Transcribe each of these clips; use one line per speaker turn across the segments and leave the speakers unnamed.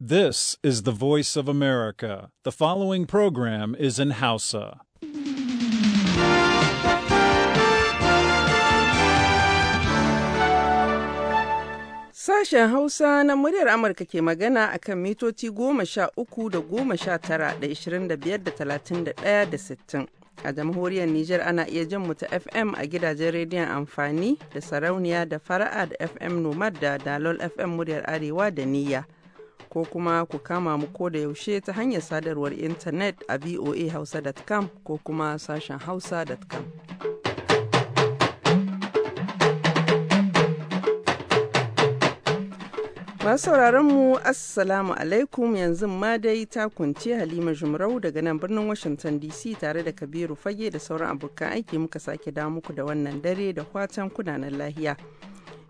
This is the voice of America. The following program is in Hausa.
Sashen Hausa na muryar Amurka ke magana a kan mitoci goma sha uku da goma sha tara da ishirin da biyar da talatin da ɗaya da sittin. A jamhuriyar Nijar ana iya jin mu ta FM a gidajen rediyon amfani da sarauniya da fara'a da FM Nomad da Dalol FM muryar Arewa da Niyya. ko kuma ku kama mu ko da yaushe ta hanyar sadarwar intanet a voahausa.com ko kuma sashen hausa.com. Masu sauraron mu Assalamu alaikum yanzu ma dai ta kunce Halima Jumrau daga nan birnin Washington DC tare da Kabiru Fage da sauran abokan aiki muka sake damu ku da wannan dare da kwatan kudanan lahiya.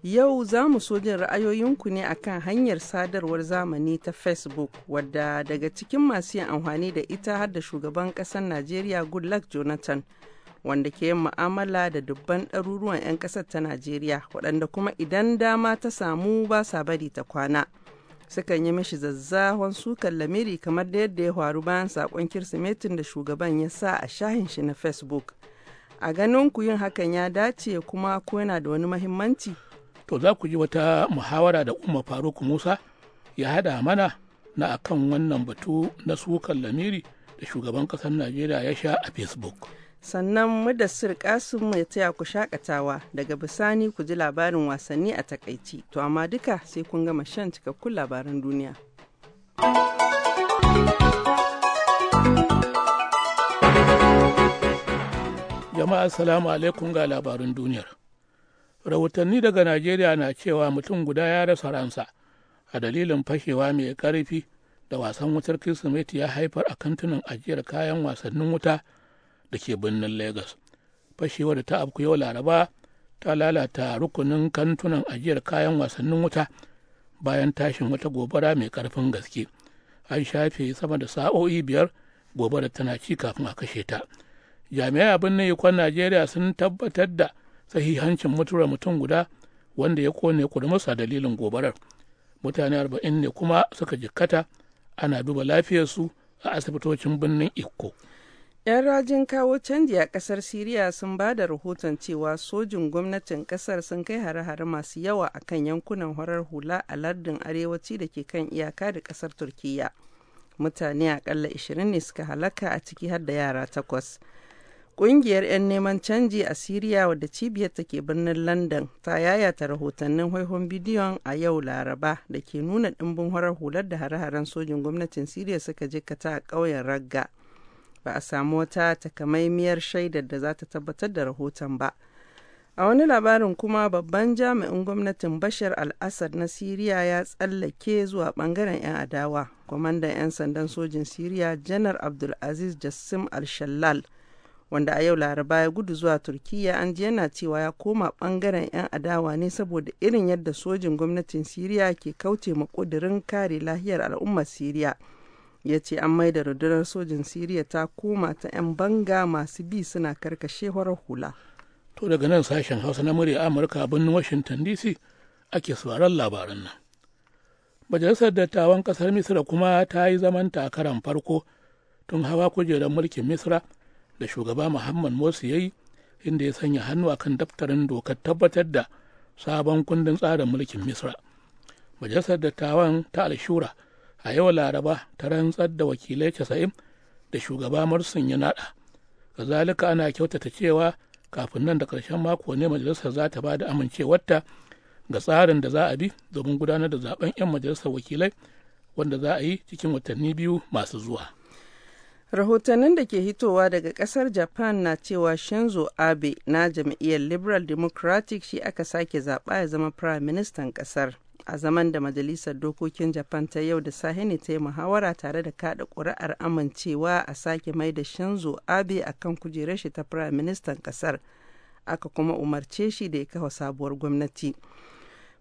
Yau za mu so jin ra'ayoyinku ne akan hanyar sadarwar zamani ta Facebook wadda daga cikin masu yin amfani da ita har da shugaban kasar Najeriya Goodluck Jonathan wanda ke yin mu'amala da dubban ɗaruruwan 'yan ƙasar ta Najeriya waɗanda kuma idan dama ta samu ba sa bari ta kwana. Sukan yi mishi zazzahon sukan lamiri kamar da yadda ya faru bayan saƙon Kirsimetin da shugaban ya sa a shahin shi na Facebook. A ganin ku yin hakan ya dace kuma ko yana da wani mahimmanci. to za ku ji wata muhawara da umar faruk musa ya haɗa
mana na akan wannan batu na sukan lamiri da shugaban ƙasar najeriya ya sha a facebook
sannan mudassir kasim mai taya ku shakatawa daga bisani ku ji labarin wasanni a takaici to amma duka sai kun gama shan cikakkun labaran duniya
jama'a assalamu alaikum ga labarin duniyar rahotanni daga najeriya na cewa mutum guda ya rasa ransa a dalilin fashewa mai karfi da wasan wutar kirsimeti ya haifar a kantunan ajiyar kayan wasannin wuta da ke birnin Legas, fashewa da ta afku yau laraba ta lalata rukunin kantunan ajiyar kayan wasannin wuta bayan tashin wata gobara mai karfin gaske an shafe sama da sa'o'i biyar gobara tana ci kafin a kashe ta jami'ai abin na najeriya sun tabbatar da sahihancin mutuwar mutum guda wanda ya kone kurmasa dalilin gobarar mutane arba'in ne kuma suka jikkata ana duba lafiyarsu a asibitocin birnin ikko
'yan rajin kawo canji a kasar siriya sun ba da rahoton cewa sojin gwamnatin kasar sun kai hare-hare masu yawa a kan yankunan horar hula a lardin arewaci da ke kan iyaka da kasar turkiya mutane akalla 20 ne suka halaka a ciki har da yara takwas Ƙungiyar 'yan neman canji a Siriya wadda cibiyar ta ke birnin London ta yayata rahotannin haihuwar bidiyon a yau Laraba da ke nuna ɗimbin horar hular da hare-haren sojin gwamnatin Siriya suka jikata a ƙauyen Ragga. Ba a samu wata takamaimiyar shaidar da za ta tabbatar da rahoton ba. A wani labarin kuma babban jami'in gwamnatin Bashar al-Assad na Siriya ya tsallake zuwa bangaren 'yan adawa. Kwamandan 'yan sandan sojin Siriya Janar Abdulaziz Jassim al-Shallal wanda a yau laraba ya gudu zuwa turkiya an ji yana cewa ya koma bangaren 'yan adawa ne saboda irin yadda sojin gwamnatin siriya ke kauce ma kare lahiyar al'ummar siriya ya ce an maida rundunar sojin siriya ta koma ta 'yan banga masu bi suna karkashe horar hula
to daga nan sashen hausa na murya amurka a birnin washington dc ake sauraron labaran nan majalisar dattawan kasar misira kuma ta yi zaman takaran farko tun hawa kujerar mulkin misira. da shugaba muhammad morsi ya yi inda ya sanya hannu akan daftarin dokar tabbatar da sabon kundin tsarin mulkin misra majalisar dattawan ta alshura a yau laraba ta rantsar da wakilai casa'in da shugaba Morsi ya nada kazalika ana kyautata cewa kafin nan da ƙarshen mako ne majalisar za ta ba da amincewarta ga tsarin da za a bi domin gudanar da zaben 'yan majalisar wakilai
wanda za a yi cikin watanni biyu masu zuwa. Rahotannin da ke hitowa daga kasar Japan na cewa Shinzo Abe na jam'iyyar Liberal Democratic shi aka sake zaɓa ya zama Prime minister kasar. A zaman da Majalisar Dokokin Japan ta yau da sahi ne ta yi muhawara tare da kada ƙuri'ar amincewa a sake mai da Shinzo Abe kan kujerar shi ta Prime minister kasar. Aka kuma umarce shi da ya kafa sabuwar gwamnati.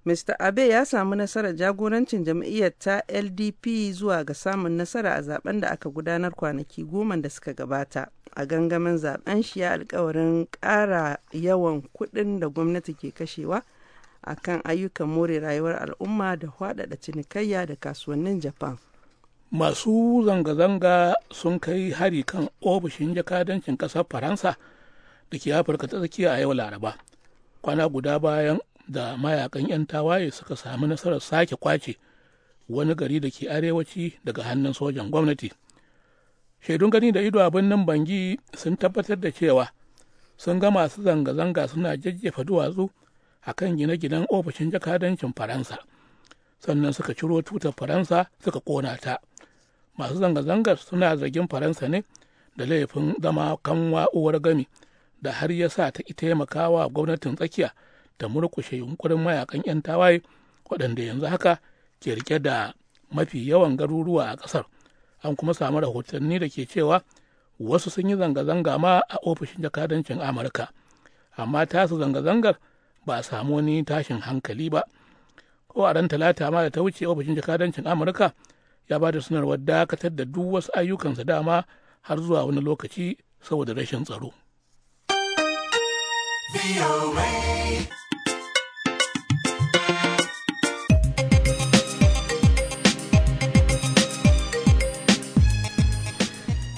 Mr. Abe ya samu nasarar jagorancin jam'iyyar ta LDP zuwa ga samun nasara a zaben da aka gudanar kwanaki goma da suka gabata. A gangamin zaben shi ya alkawarin ƙara yawan kuɗin da gwamnati ke kashewa a kan ayyukan more rayuwar al'umma da haɗaɗa cinikayya da kasuwannin Japan.
Masu zanga-zanga sun kai hari kan ofishin jakadancin ƙasar Faransa da ke Afirka ta tsakiya a yau Laraba. kwana guda bayan da mayakan 'yan tawaye suka sami nasarar sake kwace wani gari da ke arewaci daga hannun sojan gwamnati shaidun gani da ido a nan bangi sun tabbatar da cewa sun ga masu zanga-zanga suna jajjefa duwatsu a kan gine-ginen ofishin jakadancin faransa sannan suka ciro tutar faransa suka kona ta masu zanga-zangar suna zargin faransa ne da laifin zama kanwa uwar gami da har ya sa ta taimakawa gwamnatin tsakiya da murkushe yunkurin mayakan 'yan tawaye waɗanda yanzu haka ke rike da mafi yawan garuruwa a ƙasar an kuma samu rahotanni da ke cewa wasu sun yi zanga-zanga ma a ofishin jakadancin amurka amma tasu zanga-zangar ba a samu wani tashin hankali ba ko a ran talata ma da ta wuce ofishin jakadancin amurka ya ba da sanarwar dakatar da duk wasu ayyukansa dama har zuwa wani lokaci saboda rashin tsaro.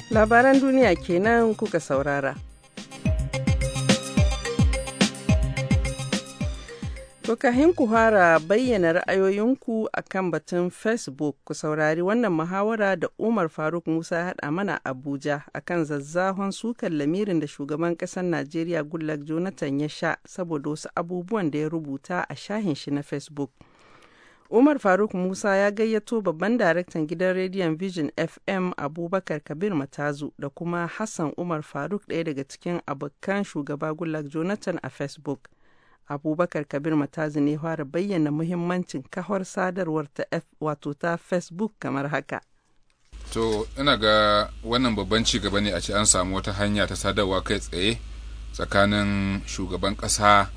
Labaran duniya kenan kuka saurara. To kahin ku fara bayyana ra'ayoyinku a kan batun Facebook ku saurari wannan muhawara da Umar Faruk Musa haɗa mana Abuja a kan zazzahon sukan lamirin da shugaban ƙasar Najeriya Goodluck Jonathan ya sha saboda wasu abubuwan da ya rubuta a shahin shi na Facebook. Umar Faruk Musa ya gayyato babban daraktan gidan rediyon Vision FM Abubakar Kabir Matazu da kuma Hassan Umar Faruk ɗaya daga cikin abokan shugaba gulag Jonathan a Facebook. Abubakar Kabir Matazu ne fara bayyana muhimmancin kahwar sadarwar ta wato ta Facebook kamar haka.
To, ina ga wannan babban ci gaba ne a ce an samu wata hanya ta sadarwa kai tsaye tsakanin shugaban ƙasa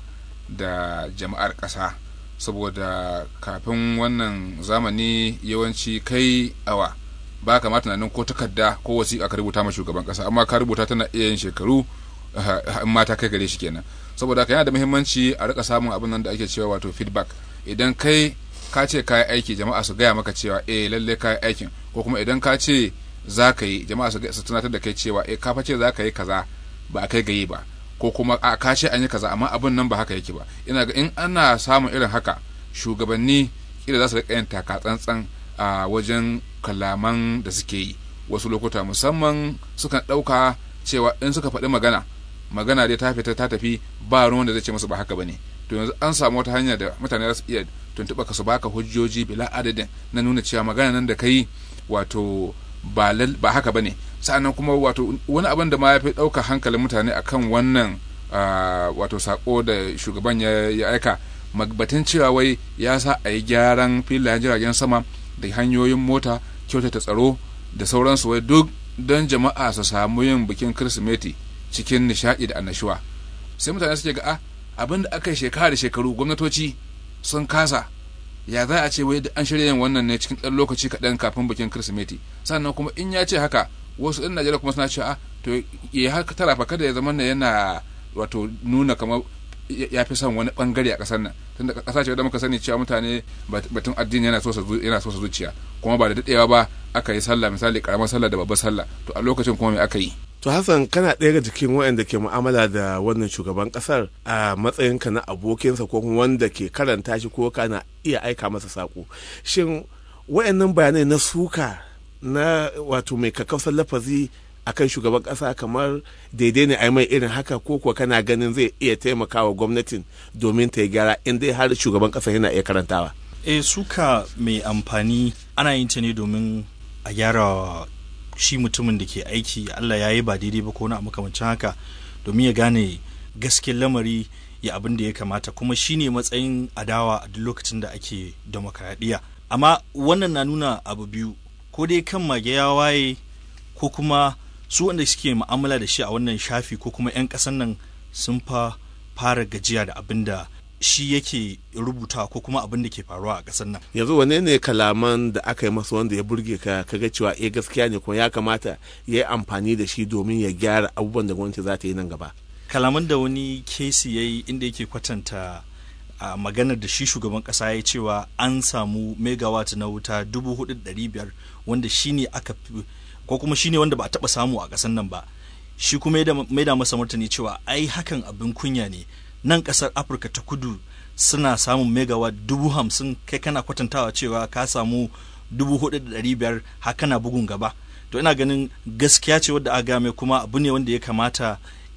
da jama'ar ƙasa. saboda kafin wannan zamani yawanci kai awa ba kamar tunanin ko takarda ko wasiƙa ka rubuta ma shugaban kasa amma ka rubuta tana iya yin shekaru eh, in mata kai gare shi kenan saboda ka yana da muhimmanci a rika samun abin nan da ake cewa wato feedback idan kai ka ce ka yi aiki jama'a su gaya maka cewa eh lalle ka yi aikin ko kuma idan ka ce za ka yi jama'a su tunatar da kai cewa eh ka fa ce za ka yi kaza ba a kai gayi ba ko kuma a kashe an yi kaza amma abin nan ba haka yake ba ina ga in ana samun irin haka shugabanni kila za su riƙa yin takatsantsan a wajen kalaman da suke yi wasu lokuta musamman sukan ɗauka cewa in suka faɗi magana magana dai ta fita ta tafi ba ruwan da zai ce musu ba haka bane to yanzu an samu wata hanya da mutane za su iya tuntuɓa ka su baka hujjoji bila adadin na nuna cewa magana nan da kai wato ba haka bane sannan kuma wato wani abin da ma ya fi ɗauka hankalin mutane a kan wannan wato sako da shugaban ya aika magbatin cewa wai ya sa a yi gyaran filayen jiragen sama da hanyoyin mota kyautata tsaro da sauransu wai duk don jama'a su samu yin bikin kirsimeti cikin nishaɗi da annashuwa sai mutane suke ga a ah, abin da aka yi shekara da shekaru gwamnatoci sun kasa ya za a ce wai an shirya yin wannan ne cikin ɗan lokaci kaɗan kafin bikin kirsimeti sannan kuma in ya ce haka wasu ɗan najeriya kuma suna cewa ah, to ya haka tara fa kada ya zama na yana wato nuna kamar ya fi son wani bangare a ƙasar nan tunda ƙasa ce da muka sani cewa mutane batun addini yana so yana so zuciya kuma ba da dadewa ba aka yi sallah misali karamar sallah da babbar sallah to a lokacin kuma me aka
yi to hassan kana ɗaya ga jikin waɗanda ke mu'amala da wannan shugaban ƙasar a matsayinka na abokinsa ko kuma wanda ke karanta shi ko kana iya aika masa saƙo shin waɗannan bayanai na suka na wato mai kakkausar lafazi a kan shugaban kasa kamar daidai ne a mai irin haka ko kuwa kana ganin zai iya taimakawa gwamnatin domin ta yi gyara in dai har shugaban kasa yana iya karantawa
e suka mai amfani ana yin ta ne domin a gyara shi mutumin da ke aiki allah ya yi ba daidai ba ko na makamancin haka domin ya gane gaskiyar lamari ya abin da ya kamata kuma shine matsayin adawa a duk lokacin da ake demokradiyya amma wannan na nuna abu biyu ko dai kan mage ya waye ko kuma su wanda suke mu'amala da shi a wannan shafi ko kuma 'yan ƙasan nan sun fa fara gajiya da abin da shi yake rubuta ko kuma abin da ke faruwa a ƙasar nan
yanzu wane ne kalaman da aka yi masa wanda ya burge ka kaga cewa eh gaskiya ne kuma ya kamata ya yi amfani da shi domin ya gyara abubuwan da gwamnati za ta yi nan gaba kalaman da wani kesi ya yi inda yake kwatanta
a maganar da shi shugaban ƙasa ya cewa an samu megawatt na wuta dubu hudu biyar wanda shine aka ko kuma shine wanda ba a taba samu a kasan nan ba shi kuma mai da masa martani cewa ai hakan abin kunya ne nan kasar afirka ta kudu suna samun megawa dubu hamsin kai kana kwatantawa cewa ka samu dubu hudu da dari biyar haka na bugun gaba to ina ganin gaskiya ce wadda aga mai kuma abu ne wanda ya kamata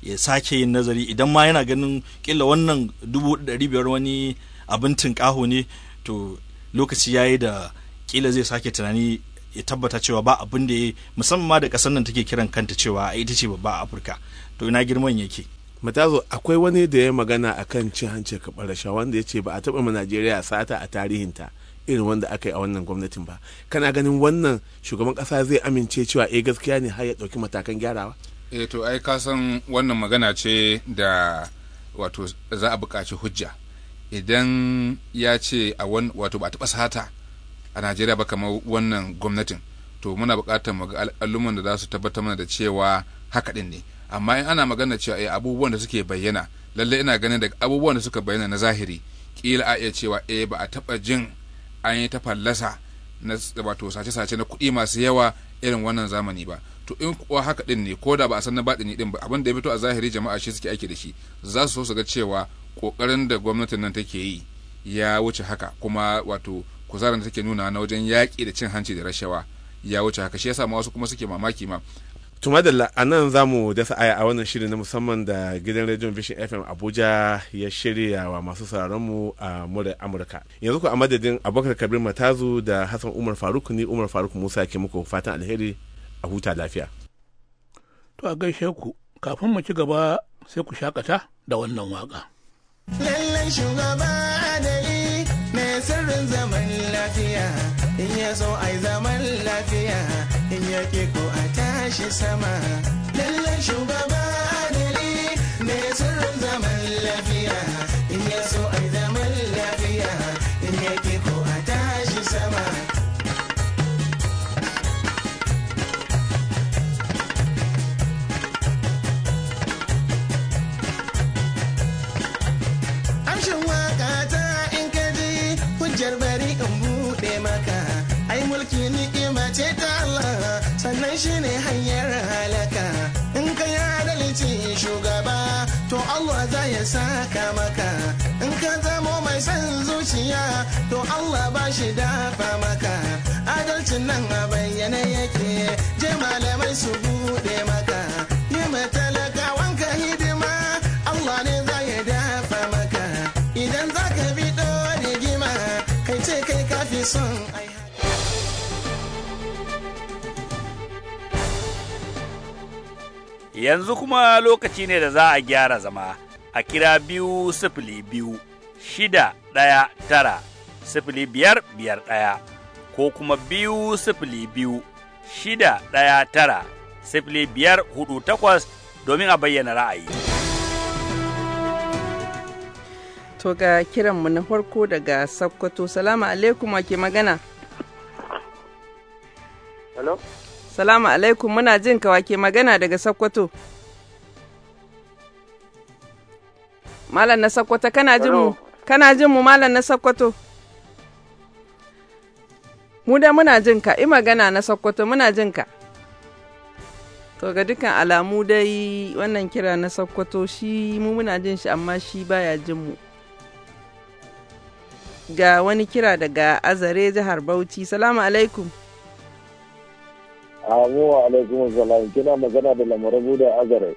ya sake yin nazari idan ma yana ganin kila wannan dubu hudu dari biyar wani abin tinkaho ne to lokaci ya yi da ƙila zai sake tunani ya tabbata cewa ba abin da ya musamman ma da ƙasar nan take kiran kanta cewa a ita ce babba a Afirka
to ina girman yake matazo akwai wani da ya magana a kan cin hanci ka rasha wanda ya ce ba a taba ma najeriya sata a tarihin ta irin wanda aka yi a wannan gwamnatin ba kana ganin wannan shugaban kasa zai amince cewa eh gaskiya ne har ya dauki matakan gyarawa
eh to ai ka san wannan magana ce da wato za a buƙaci hujja idan ya ce a wani wato ba a taɓa sata a najeriya ba kamar wannan gwamnatin to muna buƙatar mu ga al'umman da za su tabbatar mana da cewa haka din ne amma in ana magana cewa eh abubuwan da suke bayyana lallai ina ganin da abubuwan da suka bayyana na zahiri kila a iya cewa eh ba a taɓa jin an yi ta fallasa na wato sace-sace na kuɗi masu yawa irin wannan zamani ba to in kuwa haka din ne ko da ba a san na baɗini din ba abin da ya fito a zahiri jama'a shi suke aiki da shi za su so su ga cewa ƙoƙarin da gwamnatin nan take yi ya wuce haka kuma wato kuzarin da take nuna na wajen yaƙi da cin hanci da rashawa
ya wuce haka shi yasa ma wasu kuma suke mamaki ma tuma da a nan za mu dasa aya a wannan shirin na musamman da gidan rediyon vision fm abuja ya shirya wa masu mu a mura amurka yanzu ku a madadin abokar kabir matazu da hassan umar faruk ni umar faruk musa ke muku fatan alheri a huta lafiya
to a gaishe ku kafin mu ci gaba sai ku shakata da wannan waka
lallai shugaba adali mai sirrin zamani in ya zo ai zaman lafiya in ya ke ko a tashi sama lallan shugaba adali ne sirrin zaman lafiya saka maka in ka zamo mai son zuciya to Allah ba shi dafa maka adalcin nan a bayyane yake je malamai su bude maka yi matalakawan ka hidima Allah ne za ya dafa maka idan za ka bi ɗore gima kai ce kai kafi son
yanzu kuma lokaci ne da za a gyara zama a kira biyu sifili biyu shida ɗaya tara sifili biyar biyar ɗaya ko kuma biyu sifili biyu shida ɗaya tara sifili biyar hudu takwas domin
a bayyana ra'ayi. To ga kiranmu na farko daga Sokoto, salamu alaikum ke magana. Hello? Salamu alaikum muna jin ka wake magana daga Sokoto. Malam na Sokoto kana jin mu? Kana jin mu Malam na Sokoto? Mu da muna jin ka, i magana na Sokoto muna jin ka. To ga dukkan alamu dai wannan kira na Sokoto shi mu muna jin shi amma shi baya jin mu. Ga wani kira daga Azare jihar Bauchi. Salamu alaikum.
Amu alaikum salam kina magana da lamarabu da Azare.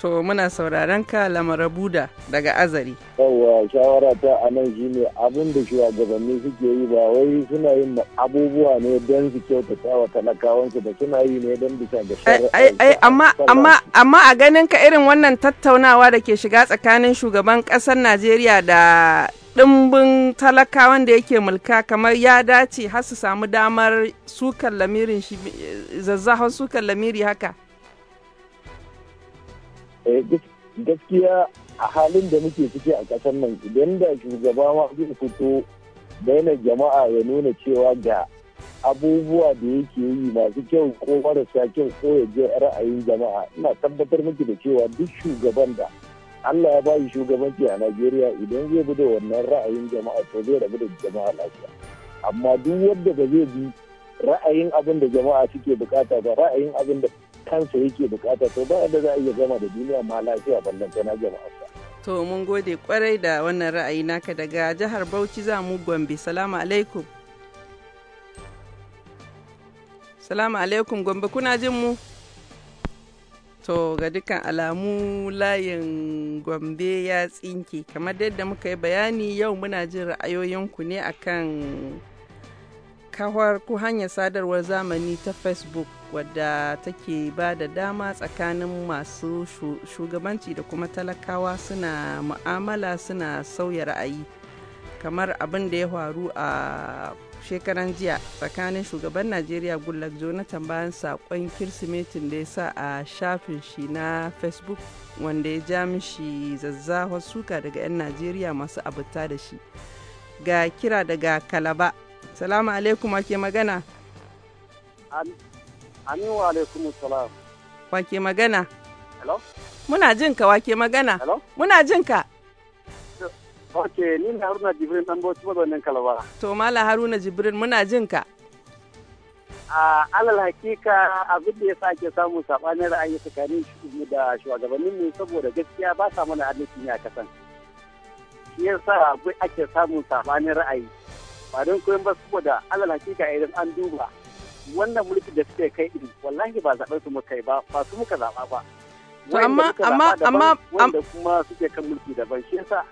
To muna sauraron ka Buda daga Azari. Yawwa shawara ta a nan
shi ne abin da shugabanni suke yi ba wai suna yin abubuwa ne don su kyautata wa talakawansu da suna yi ne don bisa ga shari'a.
amma amma amma a ganin ka irin wannan tattaunawa da ke shiga tsakanin shugaban ƙasar Najeriya da ɗimbin talakawan da yake mulka kamar ya dace har su samu damar sukan lamirin shi eh, zazzahar sukan lamiri haka.
Eh, gaskiya a halin da muke ciki a ƙasar nan idan da shugaba ma zai fito bayanan jama'a ya nuna cewa ga abubuwa da yake yi masu kyau ko marasa kyau ko ya je ra'ayin jama'a ina tabbatar miki da cewa duk shugaban da Allah ya bayi shugabanci a Najeriya idan zai bi da wannan ra'ayin jama'a to zai rabu da jama'a lafiya amma duk wanda ba zai bi ra'ayin abin da jama'a suke bukata ba ra'ayin abin da kansa yake bukata to ba da za a iya gama da duniya ma lafiya ballanta na jama'a
to mun gode kwarai da wannan ra'ayi naka daga jihar Bauchi za mu Gombe salamu alaikum salamu alaikum Gombe kuna jin mu to ga dukkan alamu layin Gombe ya tsinke kamar yadda muka yi bayani yau muna jin ra'ayoyinku ne akan kawar ko hanyar sadarwar zamani ta facebook wadda take ba da dama tsakanin masu shugabanci da kuma talakawa suna mu'amala suna sauya ra'ayi kamar abin da ya faru a shekaran jiya tsakanin shugaban najeriya goodluck jonathan bayan sakon kirsimetin da ya sa a shafin shi na facebook wanda ya ja mishi suka daga 'yan najeriya masu abuta da shi ga kira daga kalaba salamu alaikum wake magana
amin wa alaikum salam
wake magana hello muna jin ka wake magana hello muna jin ka
ok ni ne haruna jibirin dan bauchi mazaunin kalaba
to mala haruna jibirin muna jin ka
a alal hakika abin da ya sa ake samun saɓanin ra'ayi tsakanin mu da shugabannin mu saboda gaskiya ba sa mana adalci ne a kasan shi yasa ake samun saɓanin ra'ayi faɗin koyon ba saboda alal hakika idan an duba wannan mulki da suke kai iri wallahi ba zaɓar su muka yi ba ba su muka zaɓa ba
amma amma amma
wanda kuma suke kan mulki daban shi yasa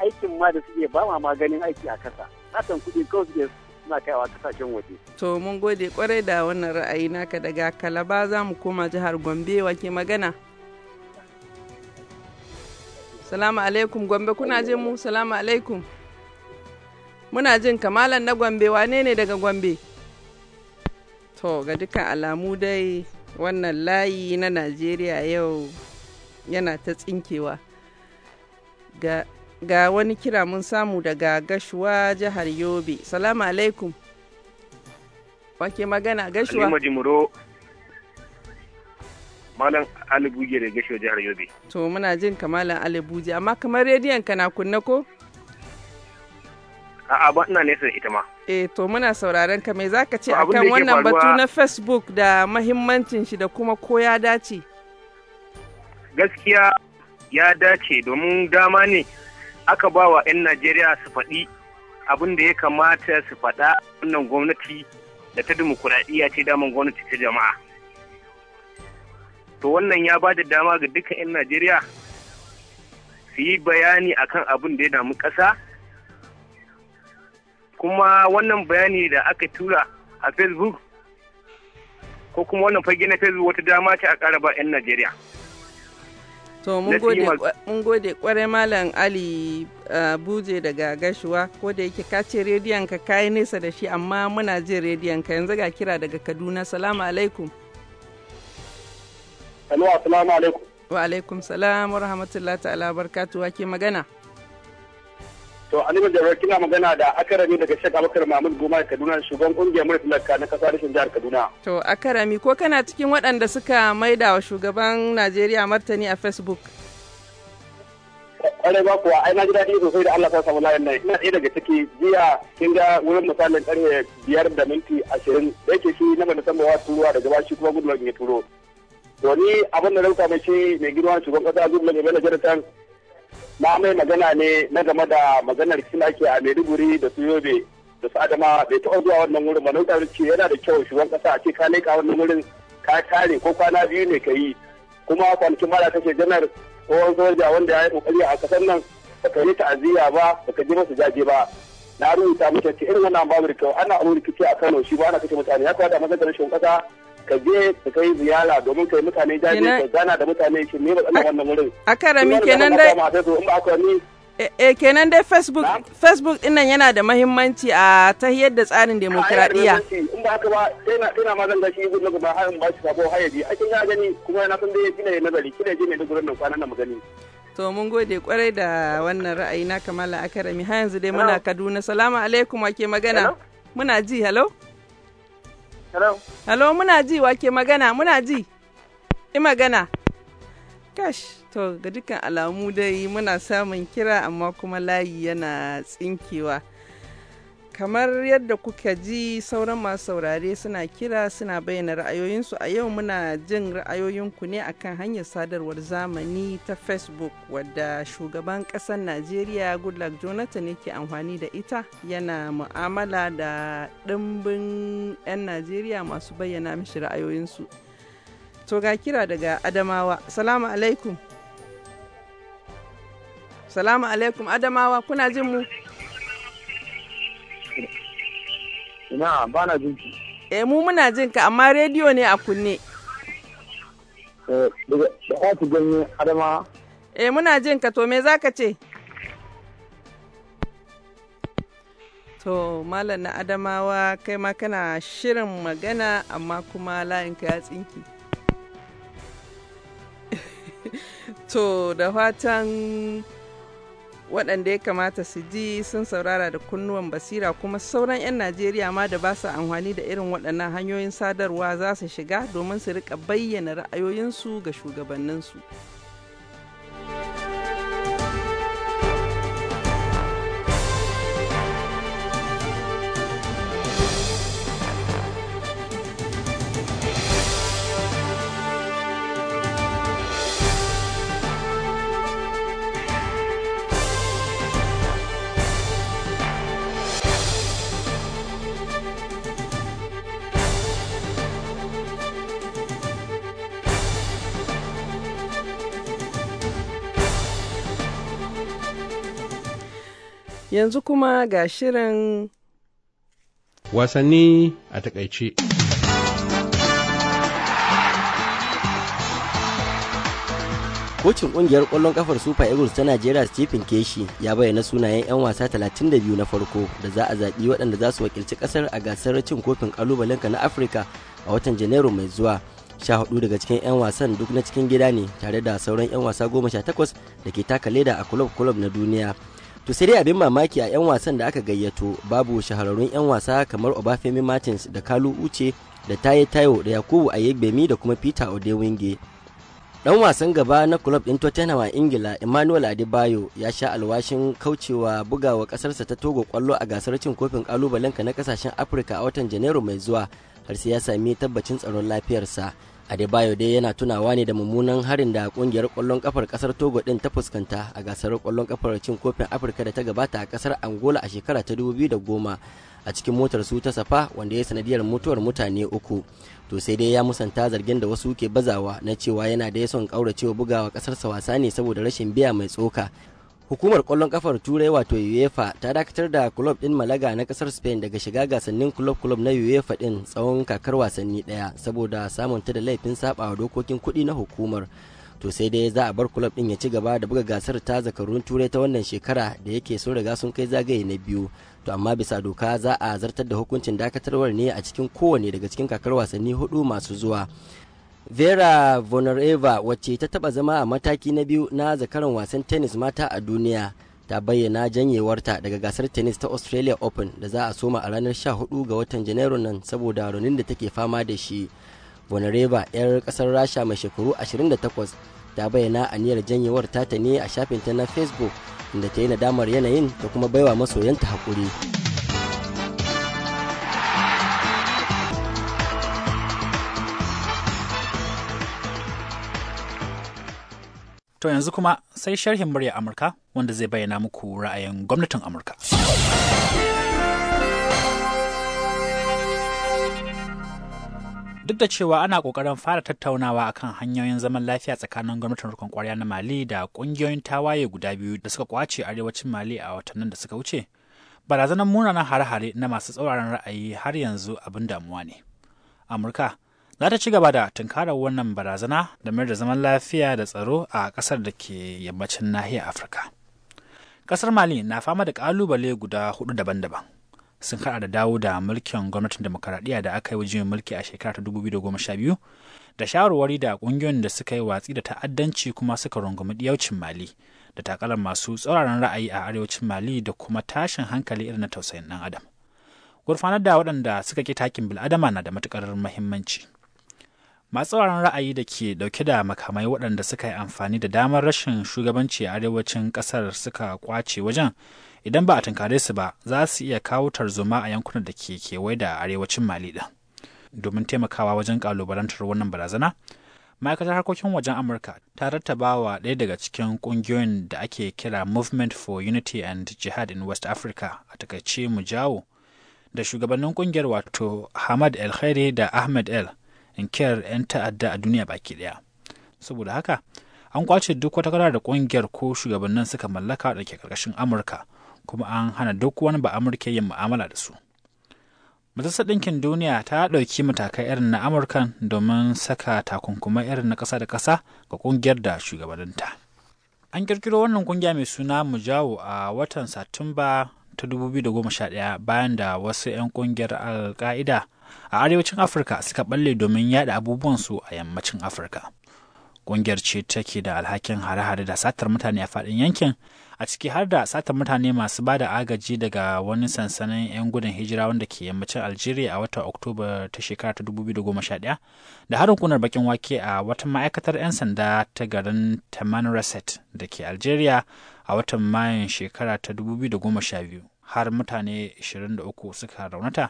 aikin ma da suke ba ma maganin aiki a kasa hakan kuɗi kawai suke suna kaiwa kasashen waje
to mun gode kwarai da wannan ra'ayi naka daga kalaba za mu koma jihar gombe wake magana salamu alaikum gombe kuna je mu salamu alaikum muna jin kamalan na gombe wane ne daga gombe to ga dukkan alamu dai wannan layi na najeriya yau yana ta tsinkewa ga, ga wani kira mun samu daga gashuwa jihar yobe salamu alaikum wake magana gashuwa
malam alibuje da gashuwa jihar yobe
to muna jin ka malam alibuje amma kamar rediyon ka na kunna ko
A'a ba ina nesa da ita ma.
Eh to muna sauraron ka me zaka ce akan wannan batu na Facebook da mahimmancin shi da kuma ko ya dace?
Gaskiya ya dace domin dama ne aka ba wa 'yan Najeriya su faɗi abin da ya kamata su faɗa wannan gwamnati da ta dimokuraɗiyya ce daman gwamnati ta jama'a. To wannan ya ba da dama ga dukkan 'yan Najeriya su yi bayani akan abin da ya damu ƙasa. kuma wannan bayani da aka tura a facebook ko kuma wannan fage na facebook wata dama ce a ƙara ba 'yan najeriya
to mun gode kwarai malam ali buje daga gashuwa ko da yake ka ce rediyon ka kayi nesa da shi amma muna jin rediyon ka yanzu ga kira daga kaduna salamu alaikum Hello, alaikum. Wa alaikum salam wa rahmatullahi ta'ala barkatu wa ke magana.
To Alimin Jabbar kina magana da Akarami daga Sheikh abakar Mahmud Goma Kaduna shugaban kungiyar Murid Lakka na kasa rashin jihar Kaduna.
To Akarami ko kana cikin waɗanda suka maida wa shugaban Najeriya martani a Facebook?
Ƙwarai ba kuwa ai na ji daɗi sosai da Allah ta samu layin nan ina ɗaya daga ciki jiya kin ga wurin misalin ƙarfe biyar da minti ashirin da yake shi na majalisar bawa turuwa daga bashi kuma gudunmawar ya turo. To ni abin da rauta mai shi mai girma shugaban kasa gudunmawar ya bada jaratan na mai magana ne na game da maganar rikicin ake a maiduguri da su yobe da su adama bai taɓa zuwa wannan wurin manon tsarin ce yana da kyau shugaban ƙasa a ce ka leƙa wannan wurin ka kare ko kwana biyu ne ka yi kuma kwanakin mara kake janar tsohon soja wanda ya yi ƙoƙari a kasar nan ba ka yi ta'aziyya ba ba ka je masa jaje ba na rubuta muke ce irin wannan babu da kyau ana abu ce a Kano shi ba ana kashe mutane ya kawo da maganar shugaban ƙasa ka je ka kai ziyara domin kai mutane jaje ka gana da mutane shi ne ba wannan
wurin a karami kenan dai E kenan dai Facebook Facebook din nan yana da mahimmanci a ta yadda tsarin demokradiya.
In ba haka ba sai na sai na ma zanga shi gudu ba har ba shi sabo hayaji a kin gani kuma na san dai kina yin nazari kina je ne da gurin nan kwanan nan magani.
To mun gode kwarai da wannan ra'ayi na Kamala Akarami har yanzu dai muna Kaduna. Salamu alaikum wake magana. Muna ji hello. Hello. Hello muna ji wake magana muna ji. I magana. Kash, to ga dukkan alamu dai muna samun kira amma kuma layi yana tsinkewa. kamar yadda kuka ji sauran masu saurare suna kira suna bayyana ra'ayoyinsu a yau muna jin ra'ayoyinku ne akan hanyar sadarwar zamani ta facebook wadda shugaban ƙasar najeriya goodluck jonathan yake amfani da ita yana mu'amala da ɗimbin 'yan najeriya masu bayyana mishi ra'ayoyinsu to ga kira daga adamawa salamu alaikum salamu alaikum adamawa kuna jin mu Ina ba na jin ki. E mu muna jin ka amma rediyo ne a kunne.
Eh ka da ganye Adama.
Eh muna jin ka to me zaka ce? To malam na Adamawa kai ma kana shirin magana amma kuma layinka ya tsinki. to da fatan waɗanda ya kamata su ji sun saurara da kunnuwan basira kuma sauran 'yan najeriya ma da ba su amfani da irin waɗannan hanyoyin sadarwa za su shiga domin su rika bayyana ra'ayoyinsu ga shugabanninsu. Yanzu kuma ga shirin
wasanni a takaice.
Kocin ƙungiyar ƙwallon ƙafar Super Eagles ta Najeriya Stephen Keshi ya bayyana sunayen 'yan wasa 32 na farko da za a zaɓi waɗanda za su wakilci ƙasar a gasar cin kofin ƙalubalenka na Afirka a watan Janairu mai zuwa. sha hudu daga cikin 'yan wasan duk na cikin gida ne tare da sauran 'yan wasa goma sha takwas da ke taka leda a kulob-kulob na duniya to sai dai abin mamaki a 'yan wasan da aka gayyato babu shahararrun 'yan wasa kamar obafemi martins da kalu uche da taye tayo da yakubu ayegbemi da kuma peter odewinge dan wasan gaba na club din Tottenham a Ingila Emmanuel Adebayo ya sha alwashin kaucewa bugawa kasarsa ta Togo kwallo a gasar cin kofin kalubalenka na kasashen Afirka a watan Janairu mai zuwa har sai ya sami tabbacin tsaron lafiyarsa. adebayo dai yana tunawa ne da mummunan harin da kungiyar kwallon kafar kasar togo din ta fuskanta a gasar kwallon kafar cin kofin afirka da ta gabata a kasar angola a shekara ta 2010 a cikin motar su ta safa wanda ya sanadiyar mutuwar mutane uku to sai dai ya musanta zargin da wasu ke bazawa na cewa yana da son kauracewa bugawa kasarsa wasa ne saboda rashin biya mai tsoka hukumar kwallon kafar turai wato uefa ta dakatar da kulob din malaga na kasar spain daga shiga gasannin kulob kulob na uefa din tsawon kakar wasanni daya saboda samun da laifin sabawa dokokin kuɗi na hukumar to sai dai za a bar kulob din ya ci gaba da buga gasar ta zakarun turai ta wannan shekara da yake sun riga sun kai zagaye na biyu to amma bisa doka za a zartar da hukuncin dakatarwar ne a cikin kowane daga cikin kakar wasanni hudu masu zuwa vera vonareva wacce ta taba zama a mataki na biyu na zakaran wasan tennis mata a duniya ta bayyana janyewarta daga gasar tennis ta australia open da za a soma a ranar 14 ga watan janairu nan saboda raunin da take fama da shi vonareva 'yar kasar rasha mai shekaru 28 ta bayyana a aniyar janyewar tata ne a shafinta na facebook inda ta yi nadamar yanayin da kuma baiwa masoyanta hakuri.
To yanzu kuma sai sharhin murya Amurka wanda zai bayyana muku ra'ayin gwamnatin Amurka. Duk da cewa ana ƙoƙarin fara tattaunawa akan hanyoyin zaman lafiya tsakanin gwamnatin Rukun kwarya na Mali da ƙungiyoyin tawaye guda biyu da suka kwace arewacin Mali a watannin da suka wuce, barazanar munanan hare-hare na masu tsauraran ra'ayi har yanzu abin damuwa ne. Amurka za ta ci gaba da tunkarar wannan barazana da mayar da zaman lafiya da tsaro a kasar da ke yammacin nahiyar afirka kasar mali na fama da kalubale guda hudu daban-daban sun haɗa da dawo da mulkin gwamnatin demokaradiyya da aka yi wa juyin mulki a shekara ta 2012 da shawarwari da ƙungiyoyin da suka yi watsi da ta'addanci kuma suka rungumi diyaucin mali da takalar masu tsauraran ra'ayi a arewacin mali da kuma tashin hankali irin na tausayin ɗan adam gurfanar da waɗanda suka ƙi takin bil'adama na da matukar muhimmanci masu tsauraran ra'ayi da ke dauke da makamai waɗanda suka yi amfani da damar rashin shugabanci a arewacin ƙasar suka kwace wajen idan ba a tunkare su ba za su iya kawo tarzoma a yankunan da ke kewaye da arewacin mali ɗin domin taimakawa wajen ƙalubalantar wannan barazana ma'aikatar harkokin wajen amurka ta rattaba wa ɗaya daga cikin ƙungiyoyin da ake kira movement for unity and jihad in west africa a takaice mujawo da shugabannin ƙungiyar wato hamad el khairi da ahmed el in kiyar 'yan ta'adda a duniya baki daya. saboda haka an kwace duk wata kara da kungiyar ko shugabannin suka mallaka da ke ƙarƙashin amurka kuma an hana duk wani ba amurka yin mu'amala da su majalisar ɗinkin duniya ta ɗauki matakai irin na amurka domin saka takunkuma irin na ƙasa da ƙasa ga ƙungiyar da shugabanninta an ƙirƙiro wannan ƙungiya mai suna mujawo a watan satumba ta 2011 bayan da wasu 'yan ƙungiyar alka'ida a arewacin afirka suka balle domin yada abubuwansu a yammacin afirka ƙungiyar ce take da alhakin hare-hare da satar mutane a faɗin yankin a ciki har da satar mutane masu ba da agaji daga wani sansanin 'yan gudun hijira wanda ke yammacin algeria a watan oktoba ta shekara ta 2011 da harin kunar bakin wake a wata ma'aikatar 'yan sanda ta garin tamanrasset da ke algeria a watan mayun shekara ta 2012 har mutane 23 suka raunata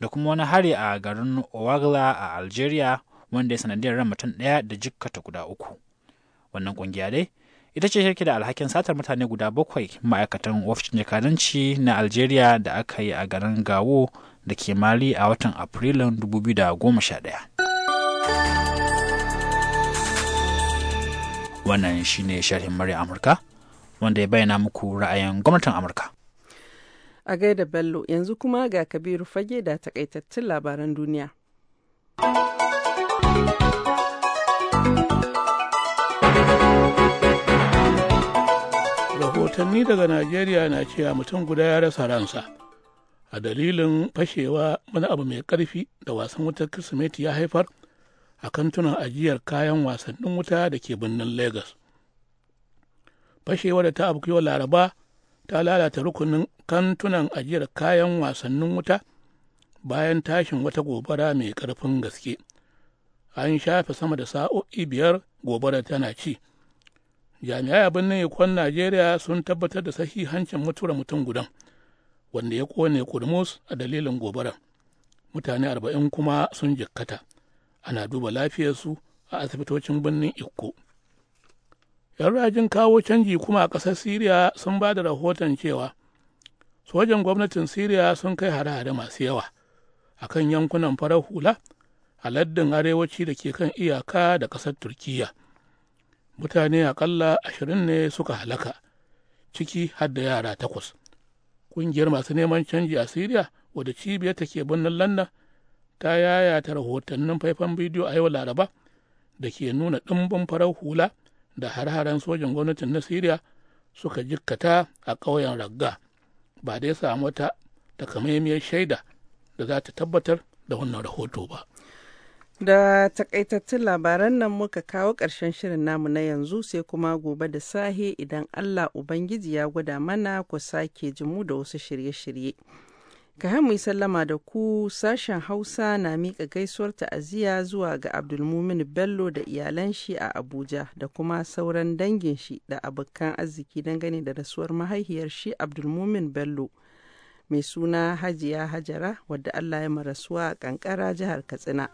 da kuma wani hari a garin Owagla a Algeria wanda ya sanadiyar ran mutum ɗaya da jikkata guda uku. Wannan ƙungiya dai ita ce shirki da alhakin satar mutane guda bakwai ma'aikatan ofishin jakadanci na Algeria da aka yi a garin Gawo da ke Mali a watan Afrilun 2011. Wannan shine sharhin murya Amurka wanda ya bayyana muku ra'ayin gwamnatin Amurka.
A gaida Bello yanzu kuma ga Kabiru fage da takaitattun labaran duniya.
Rahotanni daga Najeriya na cewa mutum guda ya rasa ransa. A dalilin fashewa wani abu mai karfi da wasan wutar Kirsimeti ya haifar a kantunan ajiyar kayan wasannin wuta da ke birnin lagos Fashewa da ta abu laraba. ta lalata rukunin kantunan ajiyar kayan wasannin wuta bayan tashin wata gobara mai ƙarfin gaske an shafe sama da sa'o'i biyar gobara tana ci jami'ai a birnin ikon najeriya sun tabbatar da sahihancin mutuwar mutum gudan wanda ya kone kurmus a dalilin gobarar mutane arba'in kuma sun jikkata ana duba lafiyarsu a asibitocin birnin ikko 'yan rajin kawo canji kuma a ƙasar siriya sun ba da rahoton cewa sojan gwamnatin siriya sun kai hare-hare masu yawa a kan yankunan farar hula a laddin arewaci da ke kan iyaka da ƙasar turkiya mutane aƙalla ashirin ne suka halaka ciki har da yara takwas ƙungiyar masu neman canji a siriya wadda cibiyar ta ke birnin Landan ta yayata rahotannin faifan bidiyo a yau laraba da ke nuna ɗimbin farar hula da har-haren sojin gwamnatin na Siriya suka jikkata a ƙauyen Ragga ba dai samu wata takamaimiyar shaida da za ta tabbatar da wannan rahoto ba.
Da takaitattun labaran nan muka kawo ƙarshen shirin namu na yanzu sai kuma gobe da sahe idan Allah Ubangiji ya gwada mana ku sake jimu da wasu shirye-shirye. Ka mu yi sallama da ku sashen Hausa na miƙa gaisuwar ta'aziyya zuwa ga Abdulmumin Bello da iyalan shi a Abuja da kuma sauran dangin shi da abokan arziki dangane da rasuwar mahaihiyar shi Abdulmumin Bello mai suna Hajiya Hajara wadda Allah ya marasuwa a kankara jihar Katsina.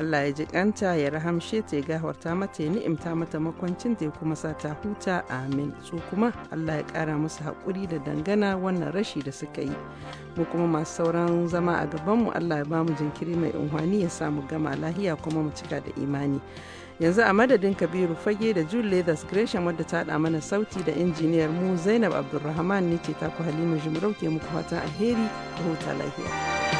Allah ya ji kanta ya rahamshe ta ya gafarta mata ya ni'imta mata makwancin ta ya kuma sa ta huta amin su kuma Allah ya kara musu haƙuri da dangana wannan rashi da suka yi mu kuma masu sauran zama a gabanmu Allah ya bamu jinkiri mai unhwani ya sa mu gama lahiya kuma mu cika da imani yanzu a madadin kabiru fage da jule leathers gresham wadda ta haɗa mana sauti da injiniyar mu zainab abdulrahman ne ce taku halima jimarau ke muku fatan alheri da huta lahiya